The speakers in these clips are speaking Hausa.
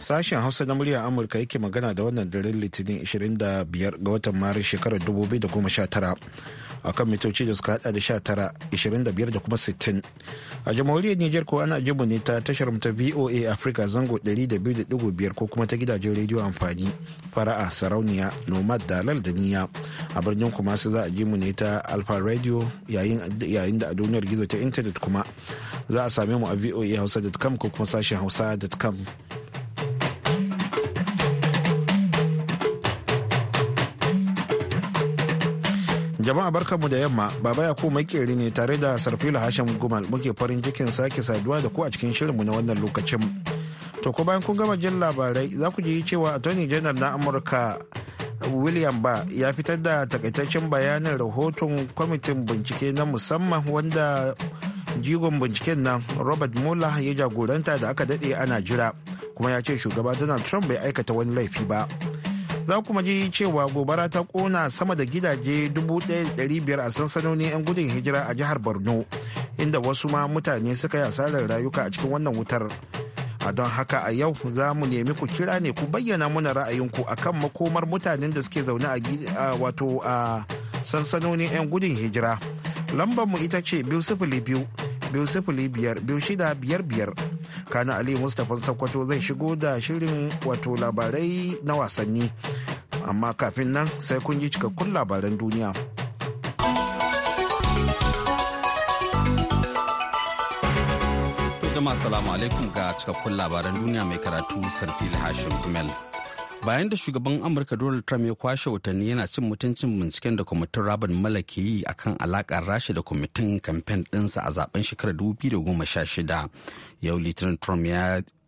Sashen Hausa na murya Amurka yake magana da wannan daren Litinin 25 ga watan Maris shekarar 2019 akan mitoci da suka hada da 19, 25 da kuma 60. A jamhuriyar Nijar ko ana jimu ne ta tashar ta VOA Africa zango 200.5 ko kuma ta gidajen rediyo amfani fara'a sarauniya nomad dalal da niya a birnin kuma su za a mu ne ta alfa radio yayin da a duniyar gizo ta intanet kuma za a same mu a voa hausa.com ko kuma sashen hausa.com Jama'a mu da yamma, Baba ya Yakubu makeri ne tare da Sarfila Hashim Gumal muke farin cikin sake saduwa da ku a cikin shirinmu na wannan lokacin. To ko bayan kun gama jin labarai za ku ji cewa Attorney General na Amurka William ba ya fitar da takaitaccen bayanin rahoton kwamitin bincike na musamman wanda jigon binciken nan Robert Mueller ya jagoranta da aka daɗe ana jira kuma ya ce shugaba Donald Trump bai aikata wani laifi ba. za kuma ji cewa gobara ta kona sama da gidaje 1,500 a sansanonin 'yan gudun hijira a jihar borno inda wasu ma mutane suka yi asarar rayuka a cikin wannan wutar a don haka a yau za mu nemi ku kira ne ku bayyana muna ra'ayinku a kan makomar mutanen da suke zaune a wato a sansanoni 'yan gudun hijira lambar mu ita ce biyu sifili biyu biyu sifili biyar biyu shida biyar biyar kana ali mustapha sakwato zai shigo da shirin wato labarai na wasanni amma kafin nan sai kun ji cikakkun labaran duniya jama'a salamu alaikum ga cikakkun labaran duniya mai karatu sarfi hashim kumel bayan da shugaban amurka donald trump ya kwashe watanni yana cin mutuncin binciken da kwamitin rabin ke yi a kan alakar rasha da kwamitin kamfen ɗinsa a zaben shekarar 2016 yau litinin trump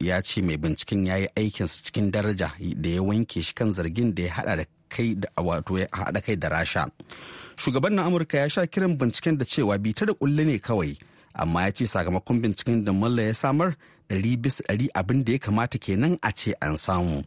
ya ce mai binciken ya yi aikinsa cikin daraja da ya wanke shi kan zargin da ya hada da kai da wato ya hada kai da rasha shugaban na amurka ya sha kiran binciken da cewa ta da kulle ne kawai amma ya ce sakamakon binciken da malla ya samar ɗari ɗari abin da ya kamata kenan a ce an samu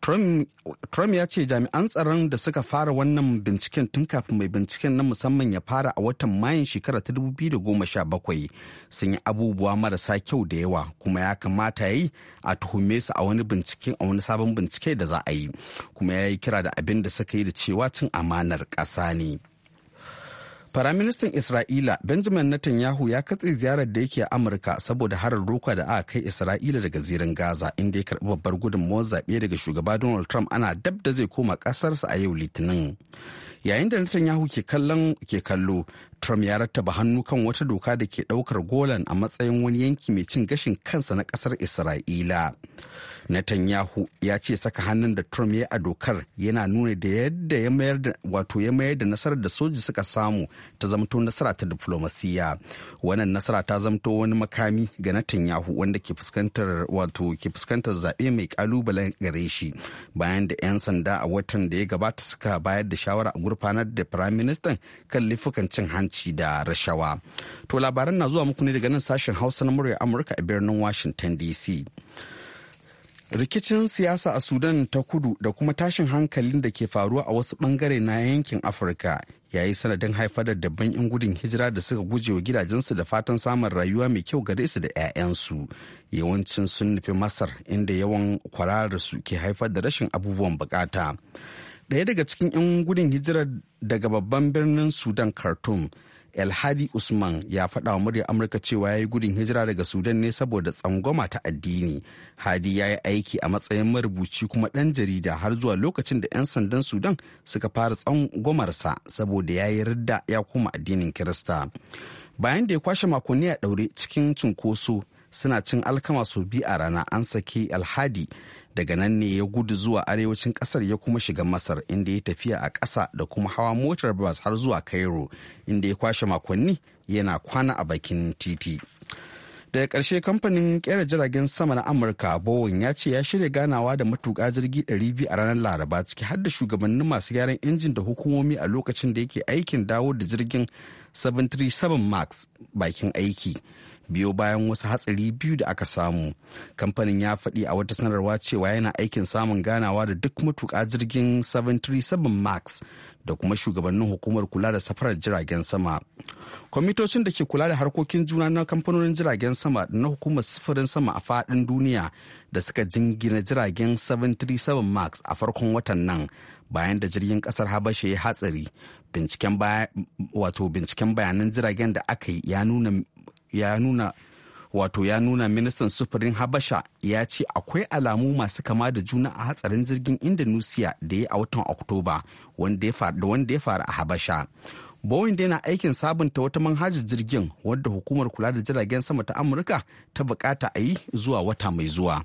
Trump ya ce jami'an tsaron da suka fara wannan binciken tun kafin mai binciken na musamman ya fara a watan mayan shekara ta 2017 sun yi abubuwa marasa kyau da yawa kuma ya kamata yi a tuhume su a wani bincike a wani sabon bincike da za a yi kuma ya yi kira da abin da suka yi da cewa cin amanar ƙasa ne. Firaministan Isra'ila Benjamin Netanyahu ya katse ziyarar da yake a Amurka saboda harar roka da aka kai Isra'ila daga zirin Gaza inda ya karɓi babbar gudunmawar zaɓe daga shugaba Donald Trump ana dab da zai koma ƙasarsa a yau Litinin. Yayin da Netanyahu ke kallon ke kallo, Trump ya rattaba hannu kan wata doka da ke ɗaukar Golan a matsayin wani yanki mai cin gashin kansa na ƙasar Isra'ila. Netanyahu ya ce saka hannun da Trump ya a dokar yana nuna da yadda ya mayar da wato ya mayar da nasarar da soji suka samu ta zamto nasara ta diplomasiya. Wannan nasara ta zamto wani makami ga Netanyahu wanda ke fuskantar wato ke fuskantar zaɓe mai kalubalen gare shi bayan da 'yan sanda a watan da ya gabata suka bayar da shawara a gurfanar da firaministan kan laifukan cin hanci da rashawa. To labaran na zuwa muku ne daga nan sashen Hausa na murya Amurka a birnin Washington DC. rikicin siyasa a sudan ta kudu da kuma tashin hankalin da ke faruwa a wasu bangare na yankin afirka ya yi sanadin haifar da dabban 'yan gudun hijira da suka guje wa gidajensu da fatan samun rayuwa mai kyau gare su da 'ya'yansu yawancin sun nufi masar inda yawan su ke haifar da rashin abubuwan bukata ɗaya daga cikin 'yan gudun hijira daga babban birnin sudan khartoum alhadi Usman ya faɗa wa muryar Amurka cewa ya yi gudun hijira daga Sudan ne saboda tsangwama ta addini. Hadi ya yi aiki a matsayin marubuci kuma ɗan jarida har zuwa lokacin da 'yan sandan Sudan suka fara tsangwamarsa saboda ya yi ridda ya koma addinin Kirista. Bayan da ya kwashe makonni a ɗaure cikin cunkoso suna cin alkama sau biyu a rana an sake Alhadi daga nan ne ya gudu zuwa arewacin kasar ya kuma shiga masar inda ya tafiya a ƙasa da kuma hawa motar bas har zuwa cairo inda ya kwashe makonni yana kwana a bakin titi daga ƙarshe kamfanin kera jiragen sama na amurka bowen ya ce ya shirya ganawa da matuka jirgi 200 a ranar laraba ciki har da shugabannin masu gyaran injin da hukumomi a lokacin da yake aikin dawo da jirgin 737 max bakin aiki biyo bayan wasu hatsari biyu da aka samu kamfanin ya faɗi a wata sanarwa cewa yana aikin samun ganawa da duk matuƙa jirgin 737 max da kuma shugabannin hukumar kula da safarar jiragen sama kwamitocin da ke kula da harkokin juna na kamfanonin jiragen sama na hukumar sufurin sama a faɗin duniya da suka jingina jiragen 737 max a farkon watan nan bayan da jirgin kasar habashe ya hatsari binciken bayanan jiragen da aka yi ya nuna ya nuna wato ya nuna ministan sufurin habasha ya ce akwai alamu masu kama da juna a hatsarin jirgin indonesia da ya a watan oktoba wanda ya faru a habasha boeing da yana aikin sabunta wata manhajar jirgin wadda hukumar kula da jiragen sama ta amurka ta bukata a yi zuwa wata mai zuwa.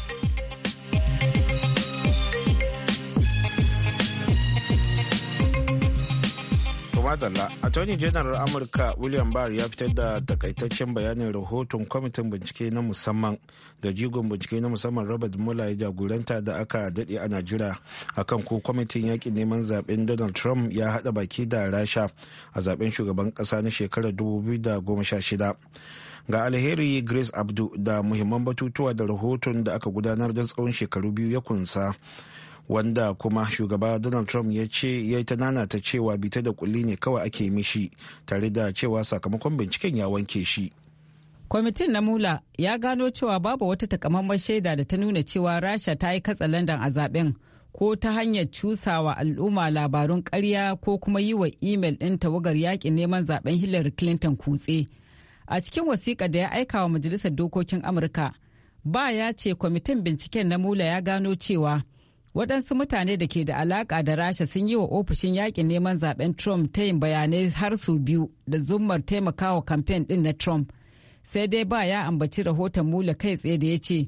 madalla attorney general amurka william barr ya fitar da takaitaccen bayanin rahoton kwamitin bincike na musamman da jigon bincike na musamman robert mueller ya jagoranta da aka dade a najira akan ko kwamitin yakin neman zaben donald trump ya hada baki da rasha a zaben shugaban kasa na shekarar 2016 ga alheri grace abdu da muhimman batutuwa da rahoton da aka gudanar don tsawon shekaru biyu ya kunsa wanda kuma shugaba donald trump ya ce ya yi ta ta cewa bita da kulli ne kawai ake mishi tare da cewa sakamakon binciken ya wanke shi kwamitin na mula ya gano cewa babu wata takamammar shaida da ta nuna cewa rasha ta yi katsalandan a zaben ko ta hanyar cusawa al'umma labarun karya ko kuma yi wa imel din tawagar yakin neman zaben hillary clinton kutse a cikin wasiƙa da ya aika wa majalisar dokokin amurka ba ya ce kwamitin binciken na mula ya gano cewa waɗansu mutane da ke da alaƙa da rasha sun yi wa ofishin yakin neman zaben trump ta yin bayanai har su biyu da zummar taimakawa kamfen ɗin na trump sai dai ba ya ambaci rahoton mula kai tsaye da ya ce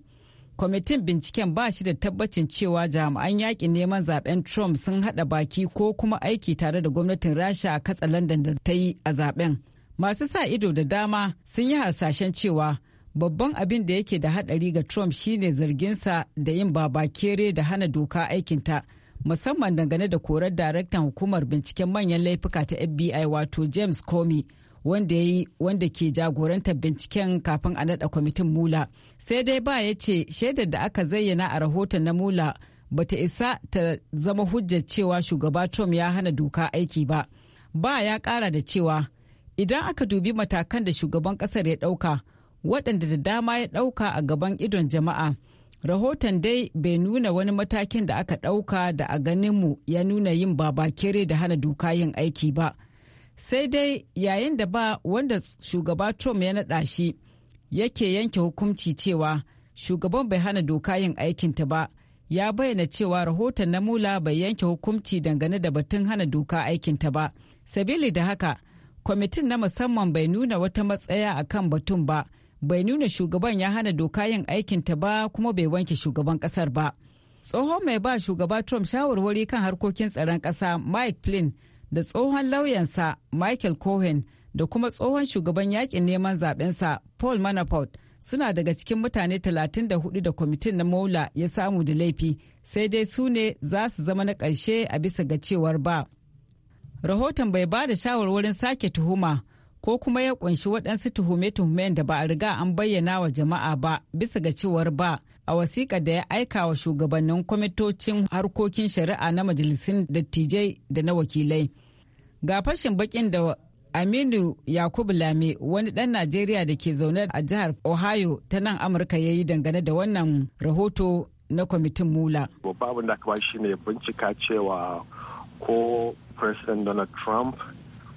kwamitin binciken ba shi da tabbacin cewa jami'an yakin neman zaben trump sun haɗa baki ko kuma aiki tare da gwamnatin rasha a katsa london da ta yi a zaben masu sa ido da dama sun yi hasashen cewa babban abin da yake da hadari ga trump shine zarginsa da yin babakere da hana doka aikinta musamman dangane da korar daraktan hukumar binciken manyan laifuka ta fbi wato james comey wanda ya yi wanda ke jagorantar binciken kafin a nada kwamitin mula sai dai ba ya ce shaidar da aka zayyana a rahoton na mula bata isa ta zama hujjar cewa shugaba trump ya hana doka aiki ba ba ya kara da cewa idan aka dubi matakan da shugaban kasar ya dauka waɗanda da dama ya ɗauka a gaban idon jama'a. Rahoton dai bai nuna wani matakin da aka ɗauka da a ganinmu ya nuna yin babakere da hana doka yin aiki ba. Sai dai yayin da ba wanda shugaba Trump ya naɗa shi yake yanke hukunci cewa shugaban bai hana doka yin aikinta ba. ya bayyana cewa rahoton na mula bai yanke hukunci dangane da batun hana doka aikinta ba sabili da haka kwamitin na musamman bai nuna wata matsaya akan batun ba bai nuna shugaban ya hana doka yin aikinta ba kuma bai wanke shugaban kasar ba tsohon mai ba shugaba trump shawarwari kan harkokin tsaron kasa mike flynn da tsohon lauyansa michael cohen da kuma tsohon shugaban yakin neman zabensa paul manafort suna daga cikin mutane 34 da kwamitin na maula ya samu da laifi sai dai su ne za su zama na ƙarshe a bisa ga cewar ba rahoton bai ba da shawarwarin sake tuhuma ko kuma ya kunshi waɗansu tuhume-tuhumen da ba a riga an bayyana wa jama'a ba bisa ga cewar ba a wasiƙa da ya aika wa shugabannin kwamitocin harkokin shari'a na majalisun dattijai da na wakilai. Ga fashin bakin da Aminu Yakubu Lame wani ɗan Najeriya da ke zaune a jihar Ohio ta nan Amurka ya yi dangane da wannan rahoto na kwamitin mula. babu da bincika cewa ko President Donald Trump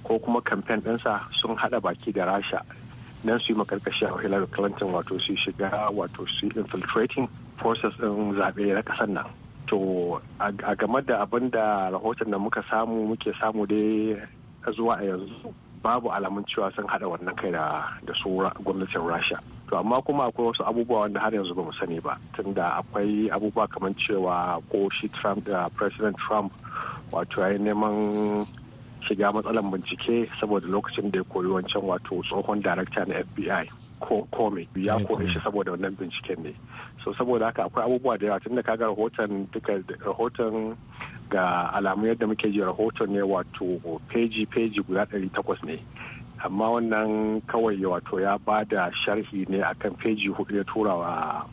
ko kuma kamfen ɗinsa sun haɗa baki da rasha nan su yi makarkashi a hillary clinton wato su shiga wato su infiltrating forces ɗin zaɓe na ƙasar nan to a game da abin da rahoton da muka samu muke samu dai zuwa a yanzu babu alamun cewa sun haɗa wannan kai da su gwamnatin rasha to amma kuma akwai wasu abubuwa wanda har yanzu ba mu sani ba tunda akwai abubuwa kamar cewa ko shi trump da eh, president trump wato ya yi neman shiga matsalan bincike saboda lokacin da ya koyi wancan wato tsohon darakta na fbi ko me. ya kore shi saboda wannan binciken ne so saboda haka akwai abubuwa da yawa tunda kaga rahoton duka rahoton ga alamu yadda muke ji rahoton ne wato peji peji guda ɗari takwas ne amma wannan kawai wato ya ba da sharhi ne akan peji hudu ya tura wa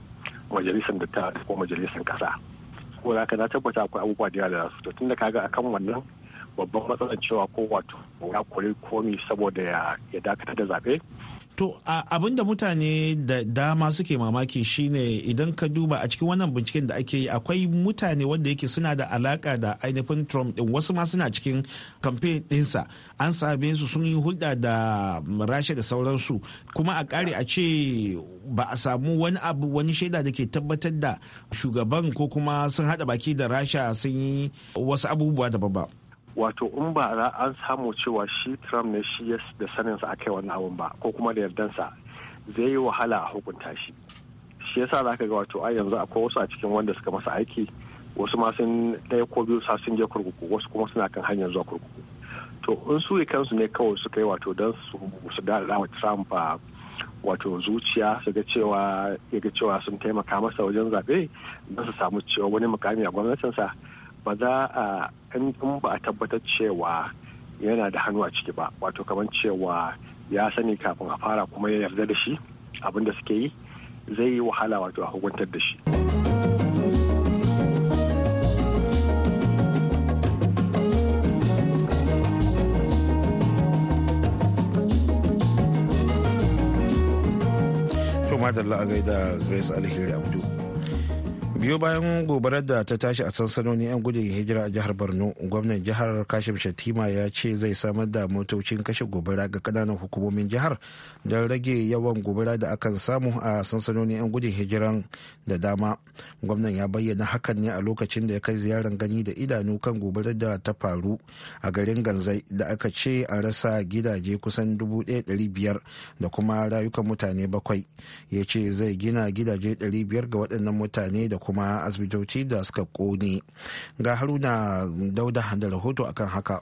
majalisar da ta ko majalisar kasa saboda haka na tabbata akwai abubuwa da yawa da su tunda kaga akan wannan babban matsalar cewa ko wato ya kori komi saboda ya dakatar da zaɓe To abin da mutane da dama suke mamaki shine idan ka duba a cikin wannan binciken da ake yi akwai mutane wanda yake suna da alaka da ainihin Trump din wasu ma suna cikin kamfen ɗinsa an same su sun yi hulɗa da rasha da sauransu kuma a kare a ce ba a samu wani abu wani shaida da ke tabbatar da shugaban ko kuma sun haɗa baki da rasha sun yi wasu abubuwa daban ba. wato in ba za an samu cewa shi trump ne shi da saninsa a kai wannan abun ba ko kuma da yardansa zai yi wahala a hukunta shi shi yasa za ka ga wato a yanzu akwai wasu a cikin wanda suka masa aiki wasu ma sun ɗaya ko biyu sa sun je kurkuku wasu kuma suna kan hanyar zuwa kurkuku to in su kansu ne kawai suka yi wato don su da wa trump ah, wato zuciya su ga cewa ya ga cewa sun taimaka masa wajen zaɓe don su samu cewa wani mukami a gwamnatinsa ba za a in ba a tabbatar cewa yana da hannu a ciki ba wato kamar cewa ya sani kafin a fara kuma ya yarda da shi abin da suke yi zai yi wahala wato a hukuntar da shi to madalla a gaida grace alheri abdu biyo bayan gobarar da ta tashi a sansanoni 'yan gudun hijira a jihar borno gwamnan jihar kashim shatima ya ce zai samar da motocin kashe gobara ga kananan hukumomin jihar don rage yawan gobara da akan samu a sansanoni 'yan gudun hijiran da dama gwamnan ya bayyana hakan ne a lokacin da ya kai ziyarar gani da idanu kan gobarar da ta faru a garin ganzai da aka ce a rasa gidaje kusan dubu biyar da kuma rayukan mutane bakwai ya ce zai gina gidaje biyar ga waɗannan mutane da kuma kuma asibitoci da suka kone ga haruna dauda da rahoto akan haka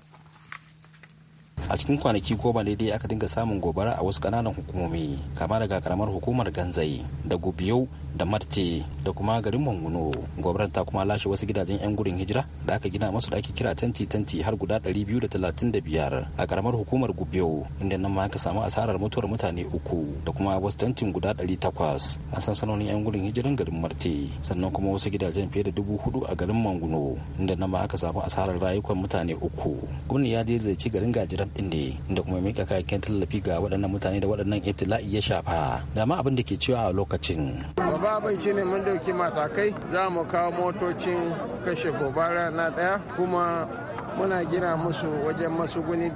a cikin kwanaki ko ba daidai aka dinga samun gobara a wasu kananan hukumomi kama daga karamar hukumar ganzai da gubiyau da marte da kuma garin manguno gobarar ta kuma lashe wasu gidajen yan gurin hijira da aka gina masu da ake kira tanti tanti har guda biyar a karamar hukumar gubiyau inda nan ma aka samu asarar mutuwar mutane uku da kuma wasu tantin guda 800 a sansanonin yan gurin hijiran garin marte sannan kuma wasu gidajen fiye da dubu hudu a garin manguno inda nan ma aka samu asarar rayukan mutane uku gwamnati ya dai zai garin gajiran inda inda kuma mika kayakin tallafi ga waɗannan mutane da waɗannan ibtila'i ya shafa dama abin da ke cewa a lokacin babban ne mun dauki matakai za mu kawo motocin kashe gobara na ɗaya kuma muna gina musu wajen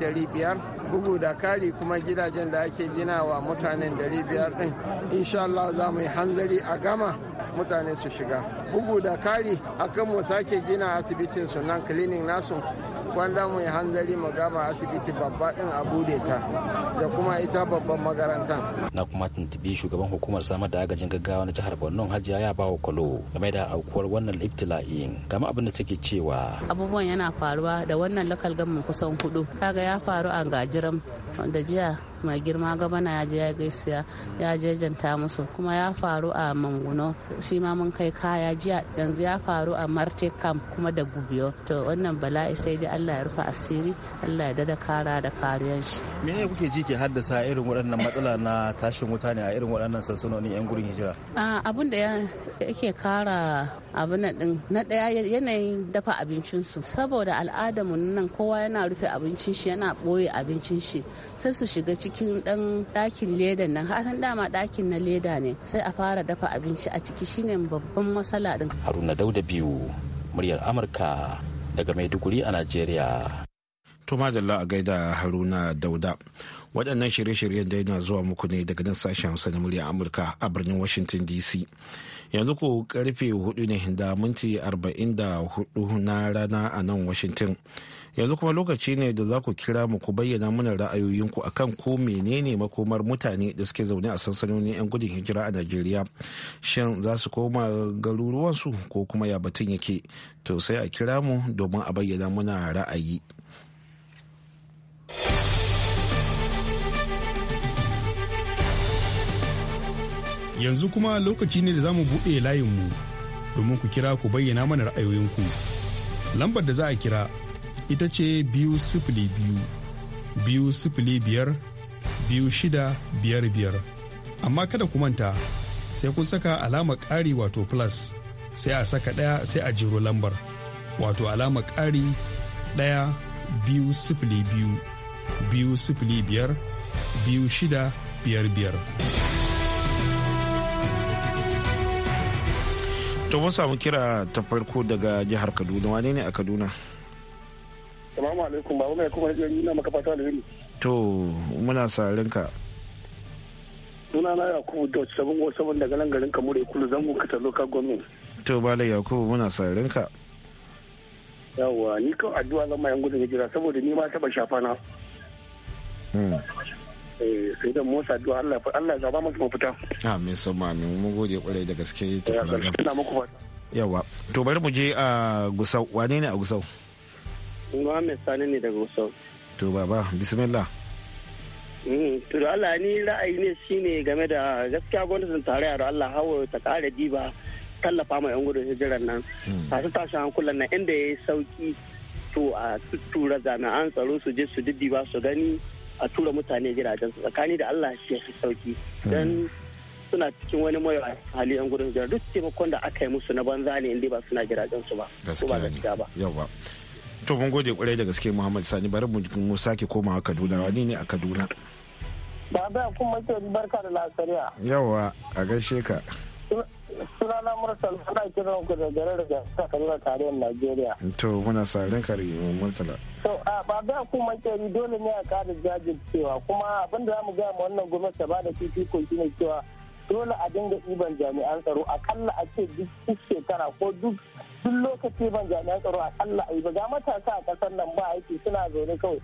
dari biyar bugu da kari kuma gidajen da ake gina wa mutanen dari biyar din insha Allah za mu yi hanzari a gama mutane su shiga bugu da kari akan mu sake gina asibitin sunan nan nasu kwanda mu yi hanzari mu gama asibiti babba din a bude ta da kuma ita babban makarantar. na kuma tuntubi shugaban hukumar samar da agajin gaggawa na jihar borno hajiya ya bawa kwalo game da aukuwar wannan ibtila'in game abin da take cewa abubuwan yana faruwa da wannan lakal gamin kusan hudu kaga ya faru a gajiram da jiya mai girma gabana ya je ya gaisiya ya jajanta musu kuma ya faru a manguno shi ma mun kai kaya jiya yanzu ya faru a marte camp kuma da gubiyo to wannan bala'i sai dai allah ya rufe asiri allah ya dada kara da kariyar shi me ne kuke ji ke haddasa irin waɗannan matsala na tashin wuta ne a irin waɗannan sansanonin yan gurin hijira abin da yake kara abin nan din na ɗaya yanayin dafa abincin su saboda al'adamu nan kowa yana rufe abincin shi yana ɓoye abincin shi sai su shiga cikin dan dakin leda nan hatan dama dakin na leda ne sai a fara dafa abinci a ciki shine babban matsala din haruna dauda biyu muryar amurka daga maiduguri a najeriya to madalla a gaida haruna dauda waɗannan shirye-shiryen da yana zuwa muku ne daga nan sashen hausa na muryar amurka a birnin washington dc yanzu ko karfe hudu ne da minti 44 na rana a nan washington yanzu kuma lokaci ne da za ku kira mu ku bayyana mana ra'ayoyinku akan ko menene makomar mutane da suke zaune a sansanonin 'yan gudun hijira a najeriya shin za su koma garuruwansu ko kuma ya batun yake to sai a kira mu domin a bayyana mana ra'ayi yanzu kuma lokaci ne da za mu buɗe layinmu domin ku kira ku bayyana mana ra'ayoyinku lambar da za a kira ita ce biyu sifili biyu biyu sifili biyar biyu shida biyar biyar amma kada ku manta sai kun saka alama ƙari wato plus sai a saka ɗaya sai a jiro lambar wato alama ƙari ɗaya biyu sifili biyu biyu sifili biyar biyu shida biyar biyar. To mun kira ta farko daga jihar Kaduna wane ne a Kaduna? Salamu alaikum ba mai kuma hajjiyar nuna maka fata alheri. To muna sarin ka. Suna na Yakubu Dutch sabon wasu sabon daga nan garin Kamure Kulu zango kata local government. To Bala Yakubu muna sarin ka. Yawwa ni kan addu'a zan mayan gudun hijira saboda ni ma taba shafa na. Hmm. Eh, sai da motsa addu'a Allah Allah zaba masa mafita. Amin sun amin mun gode kwarai da gaske. Yawa to bari mu je a Gusau wane ne a Gusau? Kuma Sani ne daga Gusau. To baba bismillah. Mm, to da Allah ni ra'ayi ne shine game da gaskiya gwamnatin tare da Allah hawa ta kare diba tallafa ma 'yan gudun hijiran nan. Mm. Tashi tashi hankulan nan inda ya yi sauki to a tura jami'an tsaro su je su diddiba su gani a tura mutane gidajen su tsakani da Allah shi fi sauki. Mm. Don suna cikin wani mai hali 'yan gudun hijirar duk taimakon da aka yi musu na banza ne inda ba suna gidajen su ba. Gaskiya ne. gaskiya ba. to mun gode kwarai da gaske muhammad sani bari mu sake komawa kaduna wani ne a kaduna baba kuma mace barka da lasariya yawa a gaishe ka sunana murtala ana kiran ku da garin da ta tare tarihin najeriya to muna sarin kare murtala to a baba ku mace dole ne a kada jajircewa kuma abin da mu ga wannan gwamnati ba da fifiko shine cewa dole a dinga ɗiban jami'an tsaro akalla a ce duk shekara ko duk duk lokaci ban jami'an tsaro akalla a yi ba ga matasa a ƙasar nan ba aiki suna zaune kawai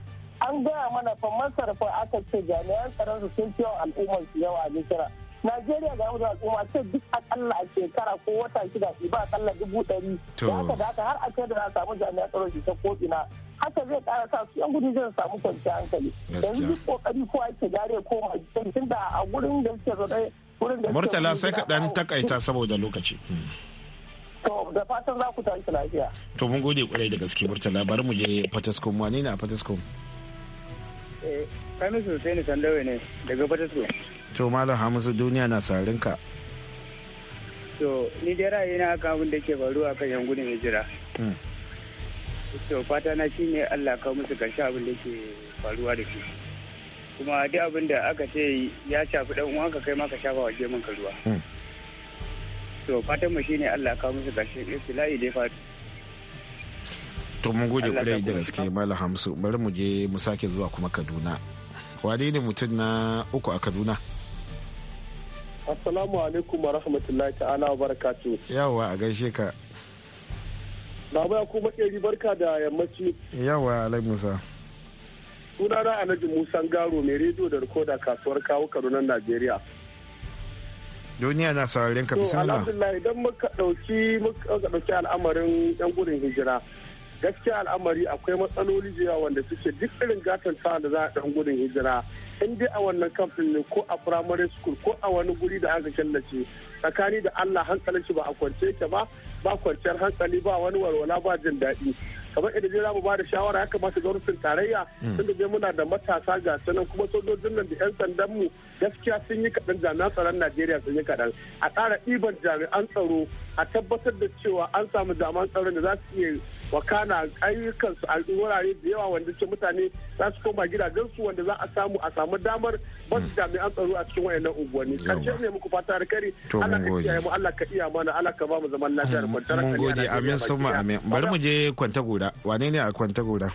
an gaya mana fa masarfa aka ce jami'an tsaron su sun fi yawan al'ummar su yawa a jikira Najeriya ga mutum al'umma ce duk akalla a shekara ko wata shida su ba akalla dubu ɗari. ya da haka har a ce da za samu jami'an tsaro shi ta ko'ina. Haka zai kara sa su yan gudu zai samu kwanciyar hankali. Yanzu duk kokari ko ake gare ko ma jikin da a gurin da suke zaune Murtala sai ka dan takaita saboda lokaci. Hmm. To da fatan za ku tashi lafiya. To mun gode kwarai da gaske Murtala bari mu je Fataskom wani na Fataskom. Eh sai Hussein Sandawe ne daga Fataskom. To Malam Hamisu duniya na sarin ka. To ni da ra'ayi na haka abin da ke faruwa kan yan gudun hijira. Hmm. To fata na shine Allah ka musu karshe abin da ke faruwa da shi. kuma duk abin da aka ce ya shafi dan uwanka kai ma ka shafa wa gemun ka ruwa hmm. to fatan mu shine Allah ka musu gashi istilahi dai fa to mun gode kudai da gaske malam Hamsu bari mu je mu sake zuwa kuma Kaduna wane ne mutum na uku a Kaduna Assalamu alaikum wa rahmatullahi ta'ala wa barakatu. Yawa a gaishe ka. Baba ya kuma ɗari barka da yammaci. Yawa alaikum Musa. sunana alhaji musan garo mai rediyo da rikoda kasuwar kawo kanunan najeriya duniya na sararin ka bismillah alhamdulillah idan muka dauki muka dauki al'amarin yan gudun hijira gaskiya al'amari akwai matsaloli da wanda suke duk irin gatan ta da za a dan gudun hijira in dai a wannan kamfin ne ko a primary school ko a wani guri da aka killace tsakani da Allah hankalin shi ba a kwance ta ba ba kwanciyar hankali ba wani walwala ba jin daɗi kamar idan za mu ba da shawara ya kamata gwamnatin tarayya hmm. tun da muna da matasa ga sanan kuma sojojin nan da yan sandan mu gaskiya sun yi kaɗan jami'an tsaron Najeriya sun yi kaɗan a ƙara ɗiban jami'an tsaro a tabbatar da cewa an samu jami'an tsaron da za su iya wakana ayyukan su a wurare da yawa wanda ce mutane za su koma gidajen su wanda za a samu a samu damar ba su hmm. jami'an tsaro a cikin wayannan unguwanni karshe ne muku fata da kare Allah ka kiyaye mu Allah ka iya mana Allah ka ba mu zaman lafiya mun gode amin summa amin bari mu je kwanta gora wane ne a kwanta gora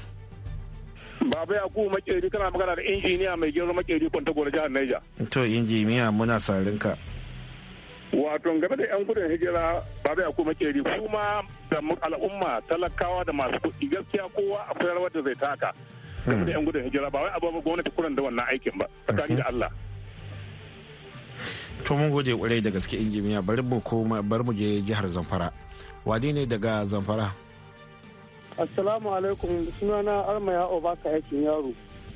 Baba Yakubu Makeri kana magana da injiniya mai gero Makeri kwanta gora jihar Niger. To injiniya muna sarin ka. Wato game da 'yan gudun hijira Baba Yakubu Makeri kuma da al'umma talakawa da masu kuɗi gaskiya kowa a rawar da zai taka. Game da 'yan hmm. gudun hijira ba wai abubuwan gwamnati kuran da wannan aikin ba tsakani da hmm. Allah. To mun gode kwarai da gaske injiniya bari mu koma bari mu je jihar Zamfara. wadi ne daga zamfara assalamu alaikum sunana armaya obaka yakin yaro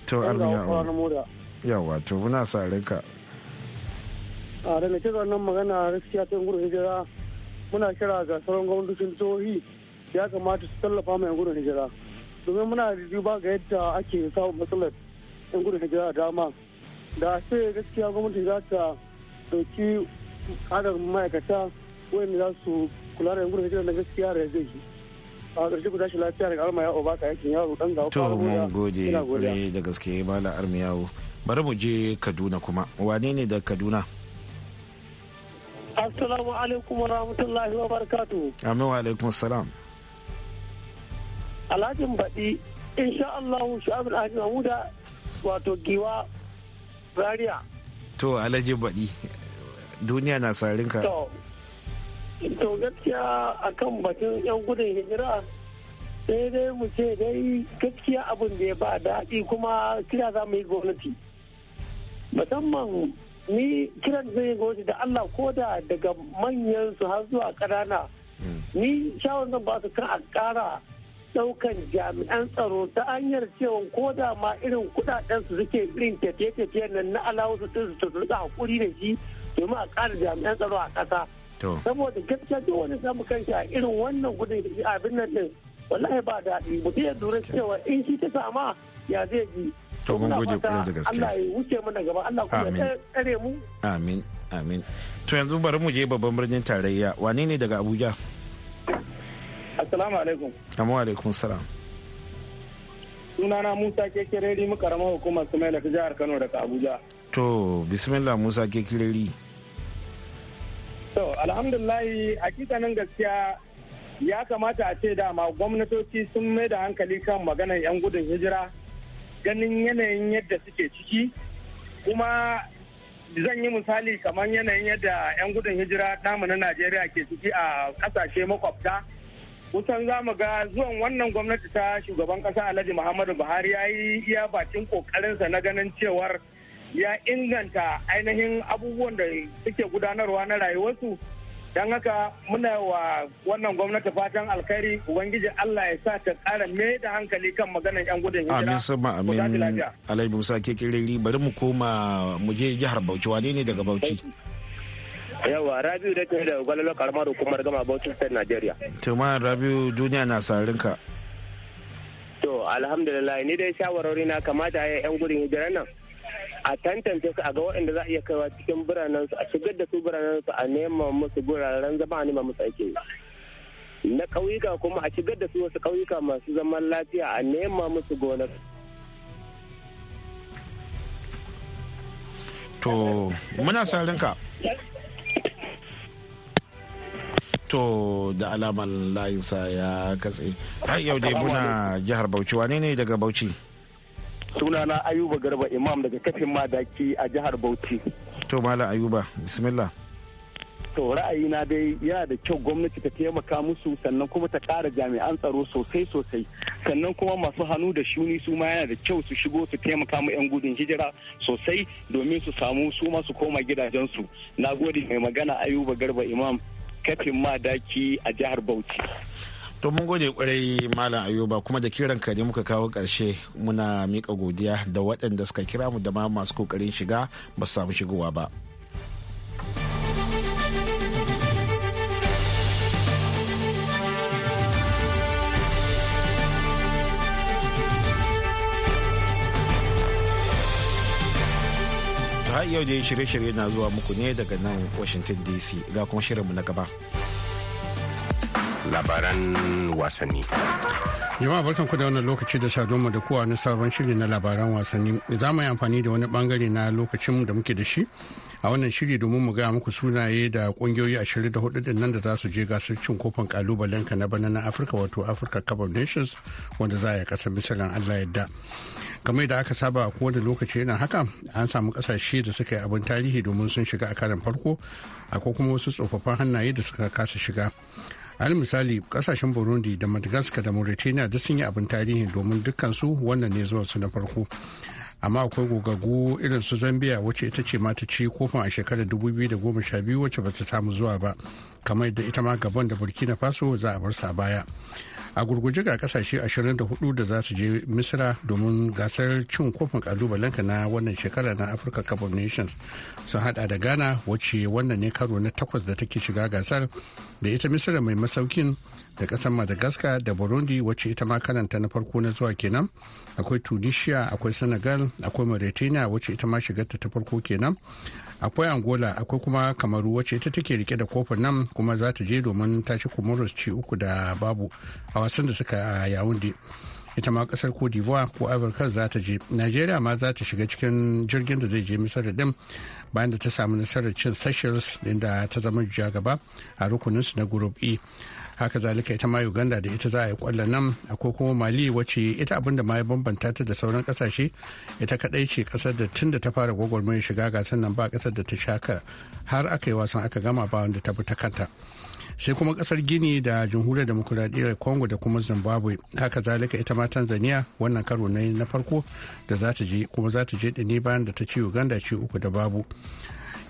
to armaya yawa to muna sa ranka a da nake nan magana gaskiya ta gudun hijira muna kira ga sauran gwamnatocin jihohi ya kamata su tallafa mai gudun hijira domin muna ba ga yadda ake samun matsalar yan gudun hijira a dama da sai gaskiya gwamnati za ta ɗauki adar ma'aikata wani za su kula da yankunan gidan na gaskiya da zai yi a ƙarshe ku tashi lafiya daga ya obaka yakin yaro dan gawo to mun gode kure da gaske malam armiyawo bari mu je kaduna kuma wane ne da kaduna assalamu alaikum wa rahmatullahi wa barakatu amin wa alaikum salam alhajin baɗi insha abin sha'abul alhaji mahmuda wato giwa rariya to alhaji baɗi duniya na sarinka to to gaskiya akan batun 'yan gudun hijira sai dai mu ce dai gaskiya abin da ya ba daɗi kuma kira za mu yi gwamnati musamman ni kiran zai yi gwamnati da allah ko da daga manyan su har zuwa ƙanana ni shawar zan ba su kan a ƙara ɗaukan jami'an tsaro ta hanyar cewa ko da ma irin kuɗaɗen su suke irin tafiye tafiyen nan na alawusu ɗin su su hakuri da shi domin a ƙara jami'an tsaro a ƙasa. saboda gaskiya duk wani samu kanshi a irin wannan gudun abin nan din wallahi ba daɗi mutum ya lura cewa in shi ta sama ya zai ji to mun gode kuma da gaskiya Allah ya wuce mu daga gaba Allah kuma ya tsare mu amin amin to yanzu bari mu je babban birnin tarayya wani ne daga Abuja Assalamu alaikum Assalamu alaikum salam sunana Musa Kekireri mu karamar hukumar Sumaila ta jihar Kano daga Abuja to bismillah Musa Kekireri To, alhamdulillahi nan gaskiya ya kamata a ce dama gwamnatoci sun mai da hankali kan maganar 'yan gudun hijira ganin yanayin yadda suke ciki kuma zan yi misali kamar yanayin yadda 'yan gudun hijira namu na najeriya ke ciki a kasashe makwabta kusan za mu ga zuwan wannan gwamnati ta shugaban kasa alhaji muhammadu buhari ya yi iya bakin kokarinsa na ganin cewar ya inganta ainihin abubuwan da suke gudanarwa na rayuwarsu don haka muna wa wannan gwamnati fatan alkhairi ubangiji Allah ya sa ta kara me da hankali kan maganar yan gudun hijira amin sama amin alaibu musa ke kiriri bari mu koma mu je jihar bauchi wane ne daga bauchi yawa rabiu da tare da gwalalo karamar hukumar gama bauchi state nigeria tuma rabiu duniya na sarin ka to alhamdulillah ni dai shawarwari na kamata ya yan gudun hijira nan a tantance su a ga waɗanda za a iya kaiwa cikin biranen su a shigar da su biranen su a nema musu guraren zama a nema musu aikin na ƙauyuka kuma a shigar da su wasu ƙauyuka masu zaman lafiya a nema musu gonar to muna sarin ka to da alamar layinsa ya katse har yau dai muna jihar bauchi wane ne daga bauchi sunana ayuba garba imam daga kafin madaki a jihar bauchi to mala ayuba bismillah to ra'ayina dai yana da kyau gwamnati ta taimaka musu sannan kuma ta kara jami'an tsaro sosai sosai sannan kuma masu hannu da shuni su ma yana da kyau su shigo su taimaka mu 'yan gudun hijira sosai domin su samu su ma su koma gidajensu na gode mai magana ayuba garba imam kafin madaki a jihar bauchi To mun gode kwarai Malam Ayuba kuma da kiran ka ne muka kawo ƙarshe muna mika godiya da waɗanda suka kira mu da ma masu kokarin shiga ba su samu shigowa ba. har yau dai shirye-shirye na zuwa muku ne daga nan Washington DC ga kuma shirinmu na gaba. labaran wasanni. Jama'a barkan ku da wannan lokaci da sadonmu da kowa na sabon shiri na labaran wasanni. Za mu yi amfani da wani bangare na lokacin da muke da shi a wannan shiri domin mu gaya muku sunaye da kungiyoyi ashirin da hudu nan da za su je gasar cin kofin kalubalen ka na bana na Afirka wato Africa Cup of Nations wanda za a yi kasar misalin Allah yadda. kamar da aka saba a kowane lokaci yana haka an samu kasashe da suka yi abin tarihi domin sun shiga a karin farko akwai kuma wasu tsofaffin hannaye da suka kasa shiga al misali kasashen burundi da madagascar da mauritania duk sun yi abin tarihi domin dukkansu wannan ne zuwa su na farko amma akwai gogagu irin su zambia wacce ita ce mata ci kofin a shekarar 2012 wacce ba ta samu zuwa ba kamar da ita ma gaban da burkina faso za a bar sa baya a gurguje ga kasashe 24 da za su je misira domin gasar cin kofin kalubalenka na wannan shekara na africa cup of nations sun hada da ghana wacce wannan ne karo na takwas da take shiga gasar da ita misira mai masaukin da kasar madagascar da burundi wacce ita ma karanta na farko na zuwa kenan akwai tunisia akwai senegal akwai mauritania wacce ita ma shigarta ta farko kenan akwai angola akwai kuma kamaru wacce ita take rike da kofin nan kuma za ta je domin ta ci comoros ci uku da babu a wasan da suka da ita ma kasar cote d'ivoire ko afirka za ta je nigeria ma za ta shiga cikin jirgin da zai je misar din bayan da ta samu nasarar cin seychelles inda ta zama gaba a rukuninsu na group e haka zalika ita ma uganda da ita za a yi kwallon nan ko kuma mali wacce ita abin da ma ya bambanta ta da sauran kasashe ita kadai ce kasar da tun da ta fara gwagwarmayar shiga gasar nan ba kasar da ta shaka har aka yi wasan aka gama ba wanda ta bi ta kanta sai kuma kasar gini da jamhuriyar demokuraɗiyyar congo da kuma zimbabwe haka zalika ita ma tanzania wannan karo na farko da za ta je kuma za ta je ɗani bayan da ta ci uganda ci uku da babu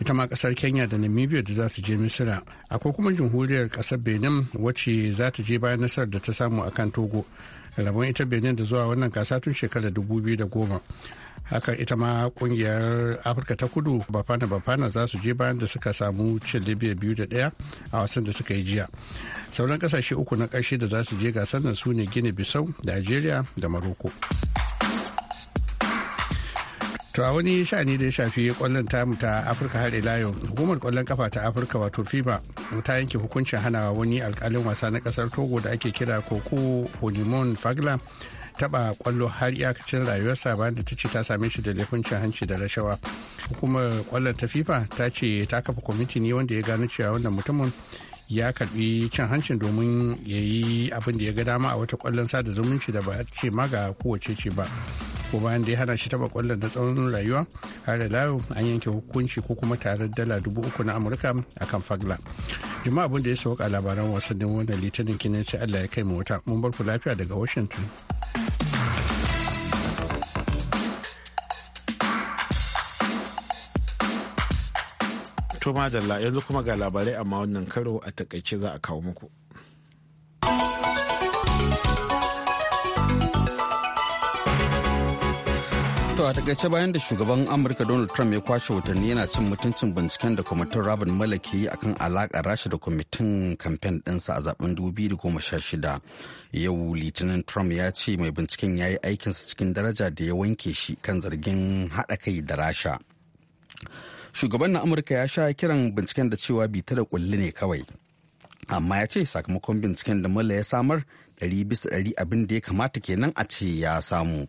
ita ma kasar kenya da namibia da za su je misira akwai kuma jamhuriyar kasar benin wacce za ta je bayan nasarar da ta samu akan togo rabon ita benin da zuwa wannan gasa tun shekarar goma haka ita ma kungiyar afirka ta kudu bafana bafana za su je bayan da suka samu cin libya biyu da daya a wasan da suka yi jiya sauran kasashe uku na karshe da za su je gasar nan su ne gini bisau da algeria da maroko To a wani shani da ya shafi kwallon tamu ta Afirka har ila yau hukumar kwallon kafa ta Afirka wato FIFA ta yanke hukuncin hana wani alkalin wasa na kasar Togo da ake kira Koko Honimon Fagla taba kwallo har iyakacin rayuwarsa bayan da ta ce ta same shi da laifin cin hanci da rashawa. Hukumar kwallon ta FIFA ta ce ta kafa kwamiti ne wanda ya gano cewa wannan mutumin ya karbi cin hancin domin ya yi abin da ya ga dama a wata kwallon sada zumunci da ba ce ma ga kowace ce ba. ko bayan da ya hana shi taba kwallon na tsawon rayuwa har da an yanke hukunci ko kuma tare dala dubu uku na amurka akan fagla jima abin da ya sauka labaran wasannin wannan litinin kinin sai allah ya kai mu wata mun bar ku lafiya daga washington to madalla yanzu kuma ga labarai amma wannan karo a takaice za a kawo muku To a takaice bayan da shugaban Amurka Donald Trump ya kwashe watanni yana cin mutuncin binciken da kwamitin Rabin Malaki yi akan alaka Rasha da kwamitin kamfen ɗinsa a zaben 2016. Yau Litinin Trump ya ce mai binciken ya yi aikinsa cikin daraja da ya wanke shi kan zargin haɗa kai da Rasha. Shugaban na Amurka ya sha kiran binciken da cewa bita da kulli ne kawai. Amma ya ce sakamakon binciken da Mala ya samar ɗari bisa ɗari abin da ya kamata kenan a ce ya samu.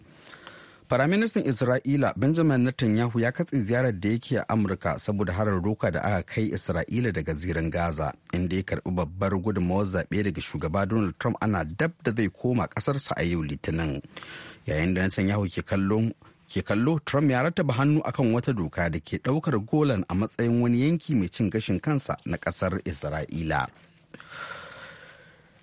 Firaministan Isra'ila Benjamin Netanyahu ya katse ziyarar da yake a Amurka saboda harar roka da aka kai Isra'ila daga zirin Gaza, inda ya karbi babbar gudunmawar zaɓe daga shugaba Donald Trump ana dab da zai koma ƙasarsa a yau Litinin. Yayin da Netanyahu ke kallo ke kallo Trump ya rattaba hannu akan wata doka da ke ɗaukar Golan a matsayin wani yanki mai cin gashin kansa na ƙasar Isra'ila.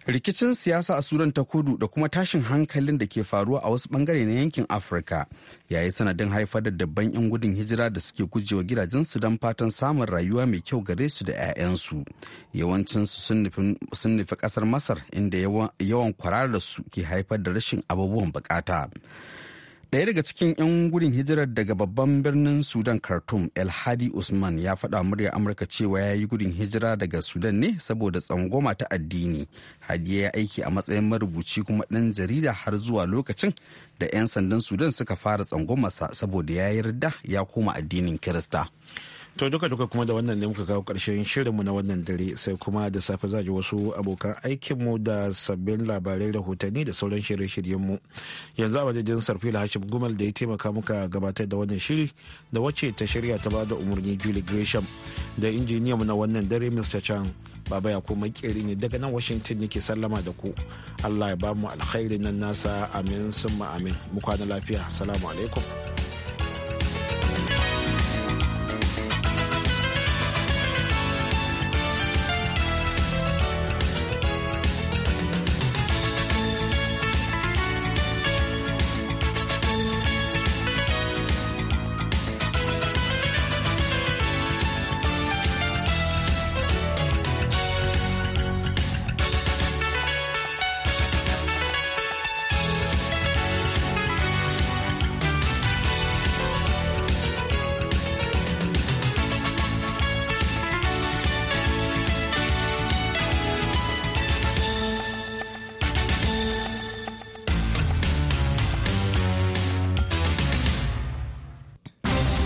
rikicin siyasa a sudan ta kudu da kuma tashin hankalin da ke faruwa a wasu bangare na yankin afirka ya yi sanadin haifar da dabban 'yan gudun hijira da suke gujewa gidajensu don fatan samun rayuwa mai kyau gare su da 'ya'yansu yawancin su sun nufi kasar masar inda yawan da su ke haifar da rashin abubuwan bukata daya daga cikin 'yan gudun hijirar daga babban birnin Sudan Khartoum, El Hadi Usman ya faɗa murya Amurka cewa ya yi gudun hijira daga Sudan ne saboda tsangoma ta addini. Hadi ya aiki a matsayin marubuci kuma ɗan jarida har zuwa lokacin da 'yan sandan Sudan suka fara tsangomarsa saboda ya yarda ya koma addinin Kirista. to duka duka kuma da wannan ne muka kawo karshen shirinmu na wannan dare sai kuma da safe za ji wasu abokan aikinmu da sabbin labarai rahotanni da sauran shirye-shiryenmu yanzu a madadin sarfil hashim gumal da ya taimaka muka gabatar da wannan shiri da wacce ta shirya ta ba da umarni julie gresham da injiniyanmu na wannan dare mr chan baba ya kuma kiri ne daga nan washington nake sallama da ku allah ya bamu alkhairin nan nasa amin summa amin mu kwana lafiya salamu alaikum